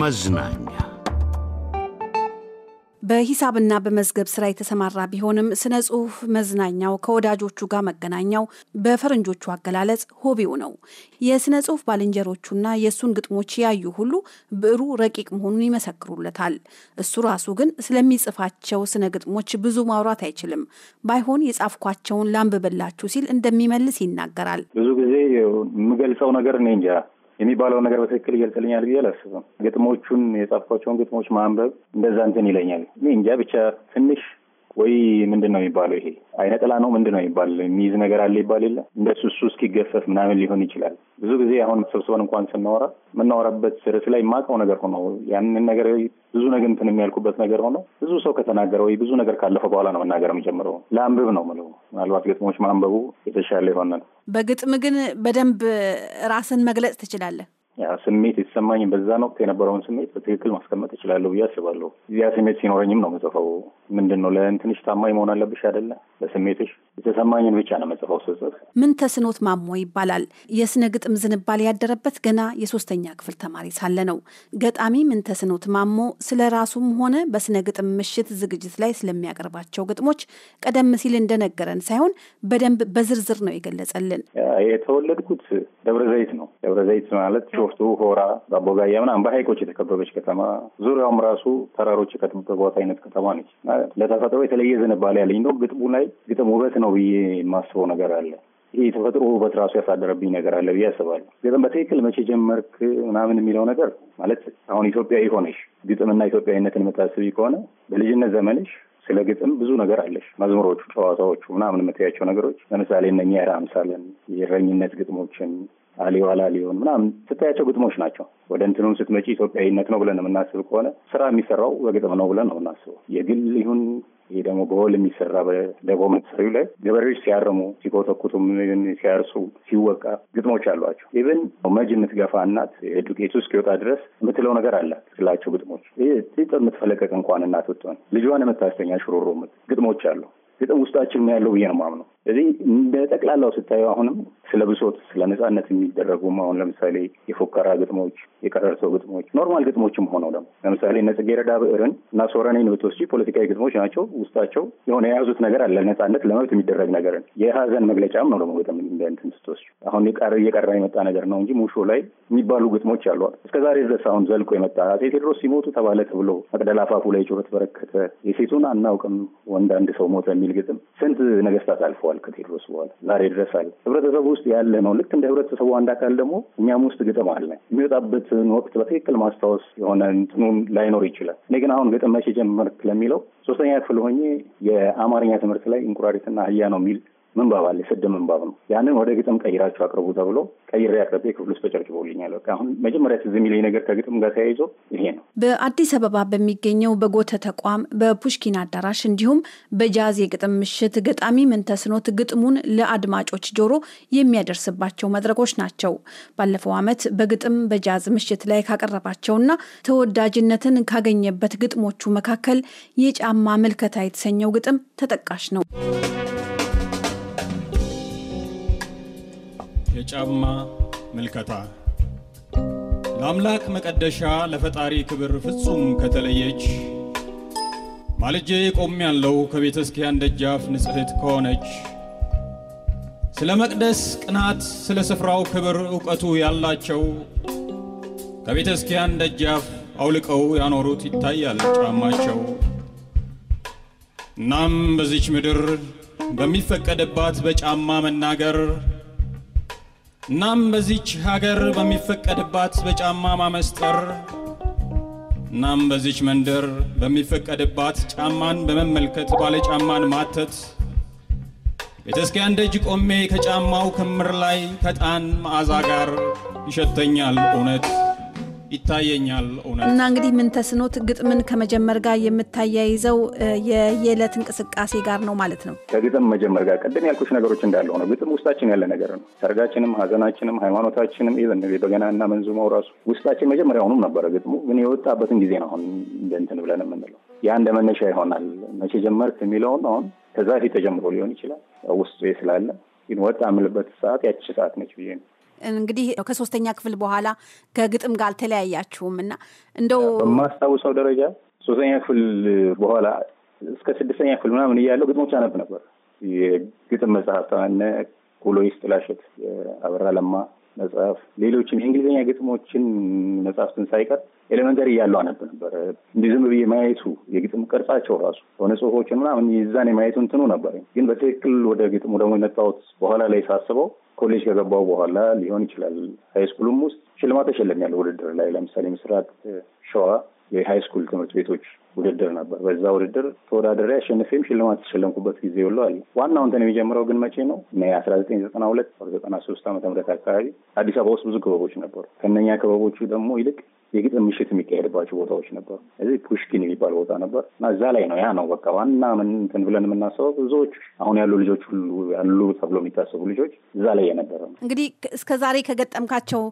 መዝናኛ በሂሳብና በመዝገብ ስራ የተሰማራ ቢሆንም ስነ ጽሁፍ መዝናኛው ከወዳጆቹ ጋር መገናኛው በፈረንጆቹ አገላለጽ ሆቢው ነው። የስነ ጽሁፍ ባልንጀሮቹና የእሱን ግጥሞች ያዩ ሁሉ ብዕሩ ረቂቅ መሆኑን ይመሰክሩለታል። እሱ ራሱ ግን ስለሚጽፋቸው ስነ ግጥሞች ብዙ ማውራት አይችልም። ባይሆን የጻፍኳቸውን ላንብበላችሁ ሲል እንደሚመልስ ይናገራል። ብዙ ጊዜ የምገልጸው ነገር እኔ እንጃ የሚባለውን ነገር በትክክል ይገልጽልኛል ብዬ አላስብም። ግጥሞቹን የጻፍኳቸውን ግጥሞች ማንበብ እንደዛ እንትን ይለኛል። እንጃ ብቻ ትንሽ ወይ ምንድን ነው የሚባለው ይሄ አይነ ጥላ ነው ምንድን ነው የሚባል የሚይዝ ነገር አለ ይባል የለ እንደሱ እሱ እስኪገፈፍ ምናምን ሊሆን ይችላል። ብዙ ጊዜ አሁን ሰብስበን እንኳን ስናወራ የምናወራበት ርዕስ ላይ የማውቀው ነገር ሆኖ ያንን ነገር ብዙ ነገር እንትን የሚያልኩበት ነገር ሆኖ ብዙ ሰው ከተናገረ ወይ ብዙ ነገር ካለፈ በኋላ ነው መናገር የሚጀምረው። ለአንብብ ነው ምለው ምናልባት ግጥሞች ማንበቡ የተሻለ ይሆናል። በግጥም ግን በደንብ ራስን መግለጽ ትችላለህ። ስሜት የተሰማኝ በዛን ወቅት የነበረውን ስሜት በትክክል ማስቀመጥ እችላለሁ ብዬ አስባለሁ። እዚያ ስሜት ሲኖረኝም ነው መጽፈው። ምንድን ነው ለእንትንሽ ታማኝ መሆን አለብሽ አይደለ? ለስሜትሽ የተሰማኝን ብቻ ነው መጽፈው። ስጽፍ ምን ተስኖት ማሞ ይባላል። የስነ ግጥም ዝንባል ያደረበት ገና የሶስተኛ ክፍል ተማሪ ሳለ ነው። ገጣሚ ምን ተስኖት ማሞ ስለ ራሱም ሆነ በስነ ግጥም ምሽት ዝግጅት ላይ ስለሚያቀርባቸው ግጥሞች ቀደም ሲል እንደነገረን ሳይሆን በደንብ በዝርዝር ነው የገለጸልን። የተወለድኩት ደብረ ዘይት ነው። ደብረ ዘይት ማለት ቢሾፍቱ፣ ሆራ፣ ዳቦጋያ ምናምን በሀይቆች የተከበበች ከተማ ዙሪያውም ራሱ ተራሮች የከበቧት አይነት ከተማ ነች። ለተፈጥሮ የተለየ ዝንባሌ ያለኝ ነው። ግጥሙ ላይ ግጥም ውበት ነው ብዬ የማስበው ነገር አለ። ይህ የተፈጥሮ ውበት ራሱ ያሳደረብኝ ነገር አለ ብዬ አስባለሁ። ግጥም በትክክል መቼ ጀመርክ ምናምን የሚለው ነገር ማለት አሁን ኢትዮጵያዊ ሆነሽ ግጥምና ኢትዮጵያዊነትን የምታስቢ ከሆነ በልጅነት ዘመንሽ ስለ ግጥም ብዙ ነገር አለሽ። መዝሙሮቹ፣ ጨዋታዎቹ ምናምን የምትያቸው ነገሮች ለምሳሌ እነ የራ የረኝነት የእረኝነት ግጥሞችን አሊዋላ ሊሆን ምናምን ስታያቸው ግጥሞች ናቸው። ወደ እንትኑም ስትመጪ ኢትዮጵያዊነት ነው ብለን የምናስብ ከሆነ ስራ የሚሰራው በግጥም ነው ብለን ነው የምናስበው። የግል ይሁን ይህ ደግሞ በወል የሚሰራ በደቦ መሰሪ ላይ ገበሬዎች ሲያርሙ፣ ሲኮተኩቱ ሲያርሱ፣ ሲወቃ ግጥሞች አሏቸው። ኢቨን መጅ የምትገፋ እናት ዱቄቱ እስኪወጣ ድረስ የምትለው ነገር አላት ስላቸው ግጥሞች ጥጥ የምትፈለቀቅ እንኳን እናት ብትሆን ልጇን የምታስተኛ ሽሮሮ ግጥሞች አሉ። ግጥም ውስጣችን ያለው ብዬ ነው የማምነው። ስለዚህ እንደ ጠቅላላው ስታየው አሁንም ስለ ብሶት፣ ስለ ነጻነት የሚደረጉም አሁን ለምሳሌ የፎከራ ግጥሞች፣ የቀረርቶ ግጥሞች፣ ኖርማል ግጥሞችም ሆነው ደግሞ ለምሳሌ እነ ጽጌረዳ ብዕርን እና ሶረኔን ብትወስጂ ፖለቲካዊ ግጥሞች ናቸው። ውስጣቸው የሆነ የያዙት ነገር አለ፣ ነጻነት ለመብት የሚደረግ ነገርን የሀዘን መግለጫም ነው ደግሞ በጣም እንትን ስትወስጂ አሁን እየቀረ የመጣ ነገር ነው እንጂ ሙሾ ላይ የሚባሉ ግጥሞች አሉ። እስከዛሬ ድረስ አሁን ዘልቆ የመጣ አፄ ቴዎድሮስ ሲሞቱ ተባለ ተብሎ መቅደላ አፋፉ ላይ ጩኸት በረከተ፣ የሴቱን አናውቅም ወንድ አንድ ሰው ሞተ የሚል ግጥም ስንት ነገስታት አልፈዋል። አልፏል ከቴድሮስ በኋላ ዛሬ ድረስ አለ። ህብረተሰቡ ውስጥ ያለ ነው። ልክ እንደ ህብረተሰቡ አንድ አካል ደግሞ እኛም ውስጥ ግጥም አለ። የሚወጣበትን ወቅት በትክክል ማስታወስ የሆነ እንትኑም ላይኖር ይችላል። እኔ ግን አሁን ግጥም መቼ ጀመርክ ለሚለው ሶስተኛ ክፍል ሆኜ የአማርኛ ትምህርት ላይ እንቁራሪትና አህያ ነው የሚል ምንባብ አለ፣ ስድ ምንባብ ነው። ያንን ወደ ግጥም ቀይራችሁ አቅርቡ ተብሎ ቀይሬ አቅርቤ ክፍል ውስጥ ተጨብጭቦልኛል። በቃ አሁን መጀመሪያ ትዝ የሚለኝ ነገር ከግጥም ጋር ተያይዞ ይሄ ነው። በአዲስ አበባ በሚገኘው በጎተ ተቋም በፑሽኪን አዳራሽ እንዲሁም በጃዝ የግጥም ምሽት ገጣሚ ምንተስኖት ግጥሙን ለአድማጮች ጆሮ የሚያደርስባቸው መድረኮች ናቸው። ባለፈው ዓመት በግጥም በጃዝ ምሽት ላይ ካቀረባቸውና ተወዳጅነትን ካገኘበት ግጥሞቹ መካከል የጫማ ምልከታ የተሰኘው ግጥም ተጠቃሽ ነው። የጫማ ምልከታ ለአምላክ መቀደሻ ለፈጣሪ ክብር ፍጹም ከተለየች ማልጄ ቆም ያለው ከቤተ ስኪያን ደጃፍ ንጽሕት ከሆነች ስለ መቅደስ ቅናት ስለ ስፍራው ክብር እውቀቱ ያላቸው ከቤተ ስኪያን ደጃፍ አውልቀው ያኖሩት ይታያል ጫማቸው። እናም በዚች ምድር በሚፈቀድባት በጫማ መናገር እናም በዚች ሀገር በሚፈቀድባት በጫማ ማመስጠር እናም በዚች መንደር በሚፈቀድባት ጫማን በመመልከት ባለ ጫማን ማተት ቤተስኪያን ደጅ ቆሜ ከጫማው ክምር ላይ ከጣን መዓዛ ጋር ይሸተኛል እውነት ይታየኛል እውነት እና እንግዲህ ምን ተስኖት ግጥምን ከመጀመር ጋር የምታያይዘው የየዕለት እንቅስቃሴ ጋር ነው ማለት ነው። ከግጥም መጀመር ጋር ቀደም ያልኩሽ ነገሮች እንዳለ ሆነ ግጥም ውስጣችን ያለ ነገር ነው። ሰርጋችንም፣ ሀዘናችንም፣ ሃይማኖታችንም ኢቨን በገና እና መንዙማው ራሱ ውስጣችን መጀመሪያ ነበረ። ግጥሙ ግን የወጣበትን ጊዜ ነው አሁን እንደንትን ብለን የምንለው ያ እንደ መነሻ ይሆናል። መቼ ጀመርክ የሚለውን አሁን ከዛ ፊት ተጀምሮ ሊሆን ይችላል ውስጡ ስላለ ግን ወጣ የምልበት ሰዓት ያቺ ሰዓት ነች ብዬ ነው እንግዲህ ከሶስተኛ ክፍል በኋላ ከግጥም ጋር አልተለያያችሁም እና እንደው በማስታውሰው ደረጃ ሶስተኛ ክፍል በኋላ እስከ ስድስተኛ ክፍል ምናምን እያለው ግጥሞች አነብ ነበር። የግጥም መጽሐፍ ነ ኮሎይስ ጥላሸት፣ የአበራ ለማ መጽሐፍ፣ ሌሎችም የእንግሊዝኛ ግጥሞችን መጽሐፍትን ሳይቀር ኤሌመንተሪ እያለው አነብ ነበር። እንዲህ ዝም ብዬ ማየቱ የግጥም ቅርጻቸው ራሱ ሆነ ጽሁፎችን ምናምን ይዛን የማየቱ እንትኑ ነበር። ግን በትክክል ወደ ግጥሙ ደግሞ የመጣሁት በኋላ ላይ ሳስበው ኮሌጅ ከገባው በኋላ ሊሆን ይችላል። ሃይስኩልም ውስጥ ሽልማት ያለ ውድድር ላይ ለምሳሌ ምስራቅ ሸዋ የሃይስኩል ትምህርት ቤቶች ውድድር ነበር። በዛ ውድድር ተወዳደሪ አሸንፌም ሽልማት ተሸለምኩበት ጊዜ ሁሉ አለ። ዋናው እንትን የሚጀምረው ግን መቼ ነው? እኔ አስራ ዘጠኝ ዘጠና ሁለት ዘጠና ሶስት ዓመተ ምህረት አካባቢ አዲስ አበባ ውስጥ ብዙ ክበቦች ነበሩ። ከነኛ ክበቦቹ ደግሞ ይልቅ የግጥም ምሽት የሚካሄድባቸው ቦታዎች ነበሩ። እዚህ ፑሽኪን የሚባል ቦታ ነበር እና እዛ ላይ ነው ያ ነው በቃ ዋና ምንትን ብለን የምናስበው ብዙዎች አሁን ያሉ ልጆች ሁሉ ያሉ ተብሎ የሚታሰቡ ልጆች እዛ ላይ የነበረ ነው። እንግዲህ እስከ ዛሬ ከገጠምካቸው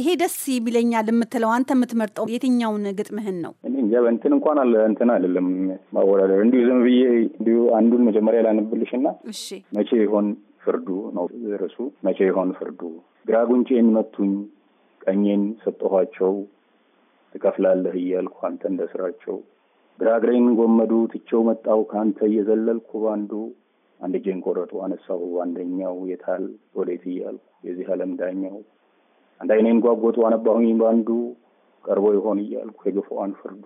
ይሄ ደስ ይለኛል የምትለው አንተ የምትመርጠው የትኛውን ግጥምህን ነው? እንትን እንኳን አለ እንትን አይደለም ማወዳደር እንዲሁ ዝም ብዬ እንዲሁ አንዱን መጀመሪያ ላንብልሽ እና መቼ ይሆን ፍርዱ ነው ርሱ። መቼ ይሆን ፍርዱ ግራ ጉንጬን መቱኝ፣ ቀኜን ሰጠኋቸው ትከፍላለህ እያልኩ አንተ እንደ ስራቸው ግራግሬን ጎመዱ ትቼው መጣው ከአንተ እየዘለልኩ ባንዱ አንድ እጄን ቆረጡ አነሳው አንደኛው የታል ወዴት እያልኩ የዚህ አለም ዳኛው አንድ አይኔን ጓጎጡ አነባሁኝ ባንዱ ቀርቦ ይሆን እያልኩ የግፉዋን ፍርዱ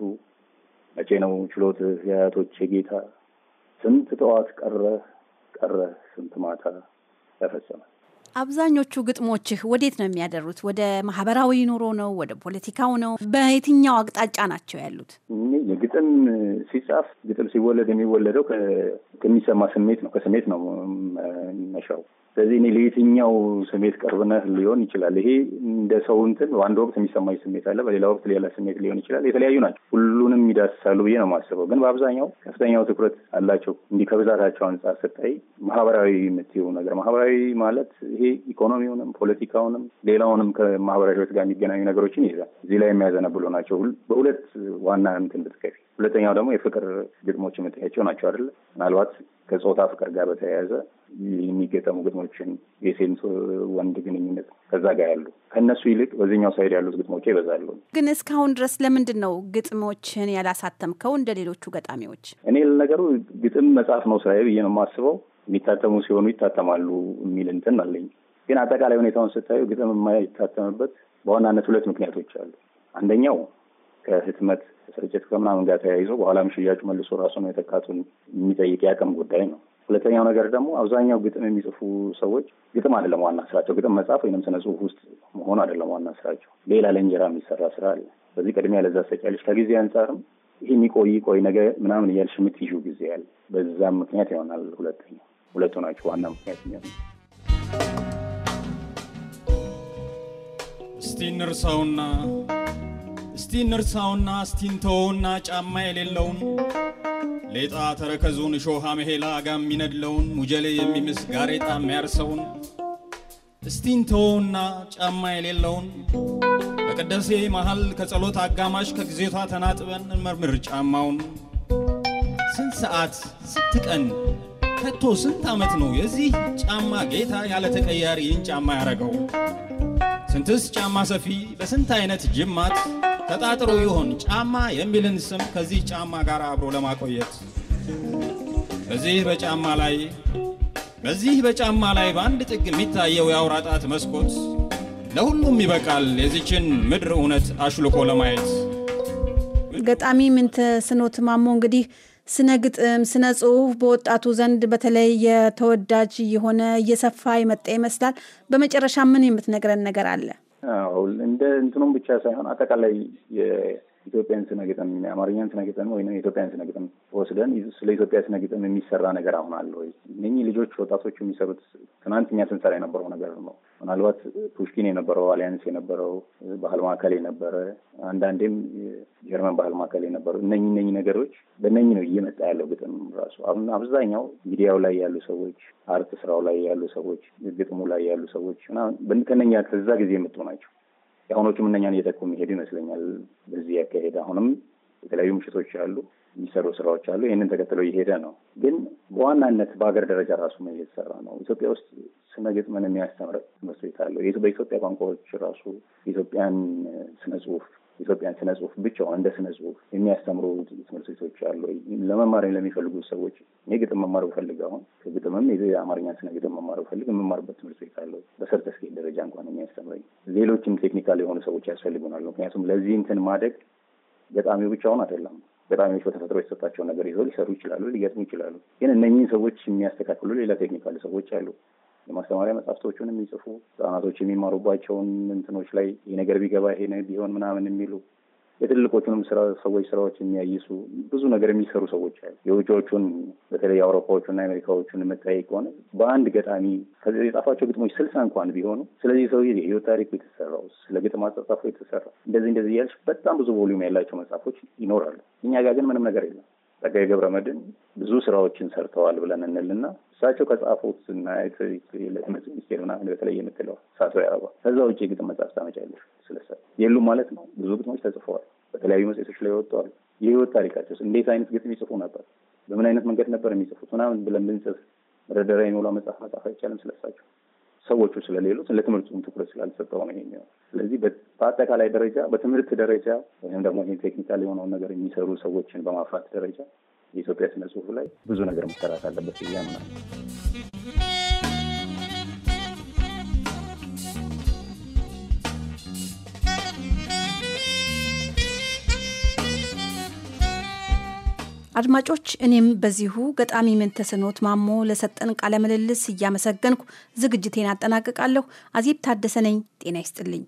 መቼ ነው ችሎት የአያቶች ጌታ ስንት ጠዋት ቀረ ቀረህ ስንት ማታ ተፈጸመ። አብዛኞቹ ግጥሞችህ ወዴት ነው የሚያደሩት? ወደ ማህበራዊ ኑሮ ነው? ወደ ፖለቲካው ነው? በየትኛው አቅጣጫ ናቸው ያሉት? የግጥም ሲጻፍ ግጥም ሲወለድ የሚወለደው ከሚሰማ ስሜት ነው፣ ከስሜት ነው መሻው ስለዚህ እኔ ለየትኛው ስሜት ቅርብነት ሊሆን ይችላል። ይሄ እንደ ሰው እንትን በአንድ ወቅት የሚሰማኝ ስሜት አለ፣ በሌላ ወቅት ሌላ ስሜት ሊሆን ይችላል። የተለያዩ ናቸው። ሁሉንም ይዳስሳሉ ብዬ ነው የማስበው። ግን በአብዛኛው ከፍተኛው ትኩረት አላቸው። እንዲህ ከብዛታቸው አንጻር ስታይ ማህበራዊ የምትይው ነገር ማህበራዊ ማለት ይሄ ኢኮኖሚውንም፣ ፖለቲካውንም፣ ሌላውንም ከማህበራዊ ህይወት ጋር የሚገናኙ ነገሮችን ይይዛል። እዚህ ላይ የሚያዘነብሎ ናቸው። በሁለት ዋና እንትን ብትከፊ፣ ሁለተኛው ደግሞ የፍቅር ግጥሞች የምታያቸው ናቸው አይደለ ምናልባት ከጾታ ፍቅር ጋር በተያያዘ የሚገጠሙ ግጥሞችን የሴት ወንድ ግንኙነት ከዛ ጋር ያሉ ከእነሱ ይልቅ በዚህኛው ሳይድ ያሉት ግጥሞች ይበዛሉ። ግን እስካሁን ድረስ ለምንድን ነው ግጥሞችን ያላሳተምከው እንደ ሌሎቹ ገጣሚዎች? እኔ ለነገሩ ግጥም መጽሐፍ ነው ስራዬ ብዬ ነው የማስበው። የሚታተሙ ሲሆኑ ይታተማሉ የሚል እንትን አለኝ። ግን አጠቃላይ ሁኔታውን ስታዩ ግጥም የማይታተምበት በዋናነት ሁለት ምክንያቶች አሉ። አንደኛው ከህትመት ስርጭት ከምናምን ጋር ተያይዞ በኋላም ሽያጩ መልሶ ራሱን የተካቱን የሚጠይቅ የአቅም ጉዳይ ነው። ሁለተኛው ነገር ደግሞ አብዛኛው ግጥም የሚጽፉ ሰዎች ግጥም አይደለም ዋና ስራቸው። ግጥም መጽሐፍ ወይም ስነ ጽሁፍ ውስጥ መሆኑ አይደለም ዋና ስራቸው። ሌላ ለእንጀራ የሚሰራ ስራ አለ። በዚህ ቅድሚያ ለዛ ሰጫለች። ከጊዜ አንጻርም ይህ የሚቆይ ቆይ ነገ ምናምን እያልሽ የምትይዥው ጊዜ ያለ በዛም ምክንያት ይሆናል። ሁለተኛው ሁለቱ ናቸው ዋና ምክንያት የሚሆነ እስቲ እንርሳውና እስቲ እንርሳውና እስቲ እንተወውና ጫማ የሌለውን ሌጣ ተረከዙን እሾሃ መሄላ አጋ የሚነድለውን ሙጀሌ የሚምስ ጋሬጣ የሚያርሰውን እስቲ እንተወውና ጫማ የሌለውን በቅደሴ መሃል ከጸሎት አጋማሽ ከጊዜቷ ተናጥበን እንመርምር ጫማውን። ስንት ሰዓት ስንት ቀን ከቶ ስንት ዓመት ነው የዚህ ጫማ ጌታ ያለ ተቀያሪ ይህን ጫማ ያረገው? ስንትስ ጫማ ሰፊ በስንት አይነት ጅማት ተጣጥሮ ይሆን ጫማ የሚልን ስም ከዚህ ጫማ ጋር አብሮ ለማቆየት በዚህ በጫማ ላይ በዚህ በጫማ ላይ በአንድ ጥግ የሚታየው የአውራ ጣት መስኮት ለሁሉም ይበቃል የዚችን ምድር እውነት አሽልኮ ለማየት። ገጣሚ ስኖት ማሞ እንግዲህ ስነ ግጥም፣ ስነ ጽሁፍ በወጣቱ ዘንድ በተለይ የተወዳጅ የሆነ እየሰፋ የመጣ ይመስላል። በመጨረሻ ምን የምትነግረን ነገር አለ? እንደ እንትኑም ብቻ ሳይሆን አጠቃላይ ኢትዮጵያን ስነ ግጥም፣ የአማርኛን ስነ ግጥም ወይም የኢትዮጵያን ስነ ግጥም ወስደን ስለ ኢትዮጵያ ስነ ግጥም የሚሰራ ነገር አሁን አለ ወይ? እነኚህ ልጆች ወጣቶቹ የሚሰሩት ትናንት እኛ ስንሰራ የነበረው ነገር ነው። ምናልባት ፑሽኪን የነበረው አሊያንስ የነበረው ባህል ማዕከል የነበረ አንዳንዴም ጀርመን ባህል ማዕከል የነበረ እነ እነኚህ ነገሮች በእነኚህ ነው እየመጣ ያለው ግጥም ራሱ። አሁን አብዛኛው ሚዲያው ላይ ያሉ ሰዎች፣ አርት ስራው ላይ ያሉ ሰዎች፣ ግጥሙ ላይ ያሉ ሰዎች ከነኛ ከዛ ጊዜ የመጡ ናቸው። የአሁኖቹም እነኛን እየጠቁ የሚሄዱ ይመስለኛል። በዚህ ያካሄድ አሁንም የተለያዩ ምሽቶች አሉ፣ የሚሰሩ ስራዎች አሉ። ይህንን ተከትለው እየሄደ ነው። ግን በዋናነት በሀገር ደረጃ ራሱ ምን እየተሰራ ነው? ኢትዮጵያ ውስጥ ስነ ግጥምን የሚያስተምር ትምህርት ቤት አለው። በኢትዮጵያ ቋንቋዎች ራሱ የኢትዮጵያን ስነ ጽሁፍ ኢትዮጵያን ስነ ጽሁፍ ብቻዋን እንደ ስነ ጽሁፍ የሚያስተምሩ ትምህርት ቤቶች አሉ። ለመማር ለሚፈልጉ ሰዎች እኔ ግጥም መማር ብፈልግ አሁን ግጥምም የአማርኛ ስነ ግጥም መማር ብፈልግ የምማርበት ትምህርት ቤት አለው። በሰርተፍኬት ደረጃ እንኳን የሚያስተምረኝ ሌሎችም ቴክኒካል የሆኑ ሰዎች ያስፈልጉናል። ምክንያቱም ለዚህ እንትን ማደግ ገጣሚው ብቻውን አይደለም። ገጣሚዎች በተፈጥሮ የተሰጣቸው ነገር ይዘው ሊሰሩ ይችላሉ፣ ሊገጥሙ ይችላሉ። ግን እነኚህን ሰዎች የሚያስተካክሉ ሌላ ቴክኒካል ሰዎች አሉ። የማስተማሪያ መጽሐፍቶቹን የሚጽፉ ህጻናቶች የሚማሩባቸውን እንትኖች ላይ ይህ ነገር ቢገባ ይሄ ቢሆን ምናምን የሚሉ የትልቆቹንም ስራ ሰዎች ስራዎች የሚያይሱ ብዙ ነገር የሚሰሩ ሰዎች አሉ። የውጭዎቹን በተለይ የአውሮፓዎቹና የአሜሪካዎቹን የምታይ ከሆነ በአንድ ገጣሚ የጻፋቸው ግጥሞች ስልሳ እንኳን ቢሆኑ ስለዚህ ሰው የህይወት ታሪኩ የተሰራው ስለ ግጥም አጻጻፉ እንደዚህ እንደዚህ እያልሽ በጣም ብዙ ቮሊዩም ያላቸው መጽሐፎች ይኖራሉ። እኛ ጋር ግን ምንም ነገር የለም። ጸጋዬ ገብረ መድን ብዙ ስራዎችን ሰርተዋል ብለን እንልና እሳቸው ከጻፉት ስናየት ለትምህርት ሚኒስቴር ምናምን በተለይ የምትለው ሳቶ ያረባ ከዛ ውጭ የግጥም መጽሐፍ ታመጫ ያለ የሉም ማለት ነው። ብዙ ግጥሞች ተጽፈዋል፣ በተለያዩ መጽሔቶች ላይ ወጥተዋል። የህይወት ታሪካቸውስ እንዴት አይነት ግጥም ይጽፉ ነበር፣ በምን አይነት መንገድ ነበር የሚጽፉት ምናምን ብለን ብንጽፍ መደርደሪያ የሚውላ መጽሐፍ መጽሐፍ አይቻልም ስለሳቸው ሰዎቹ ስለሌሉት ለትምህርቱም ትኩረት ስላልሰጠው ነው ይሄ። ስለዚህ በአጠቃላይ ደረጃ በትምህርት ደረጃ ወይም ደግሞ ይህ ቴክኒካል የሆነውን ነገር የሚሰሩ ሰዎችን በማፍራት ደረጃ የኢትዮጵያ ስነ ጽሁፍ ላይ ብዙ ነገር መሰራት አለበት ብዬ አምናለሁ። አድማጮች፣ እኔም በዚሁ ገጣሚ ምንተስኖት ማሞ ለሰጠን ቃለ ምልልስ እያመሰገንኩ ዝግጅቴን አጠናቅቃለሁ። አዜብ ታደሰ ነኝ። ጤና ይስጥልኝ።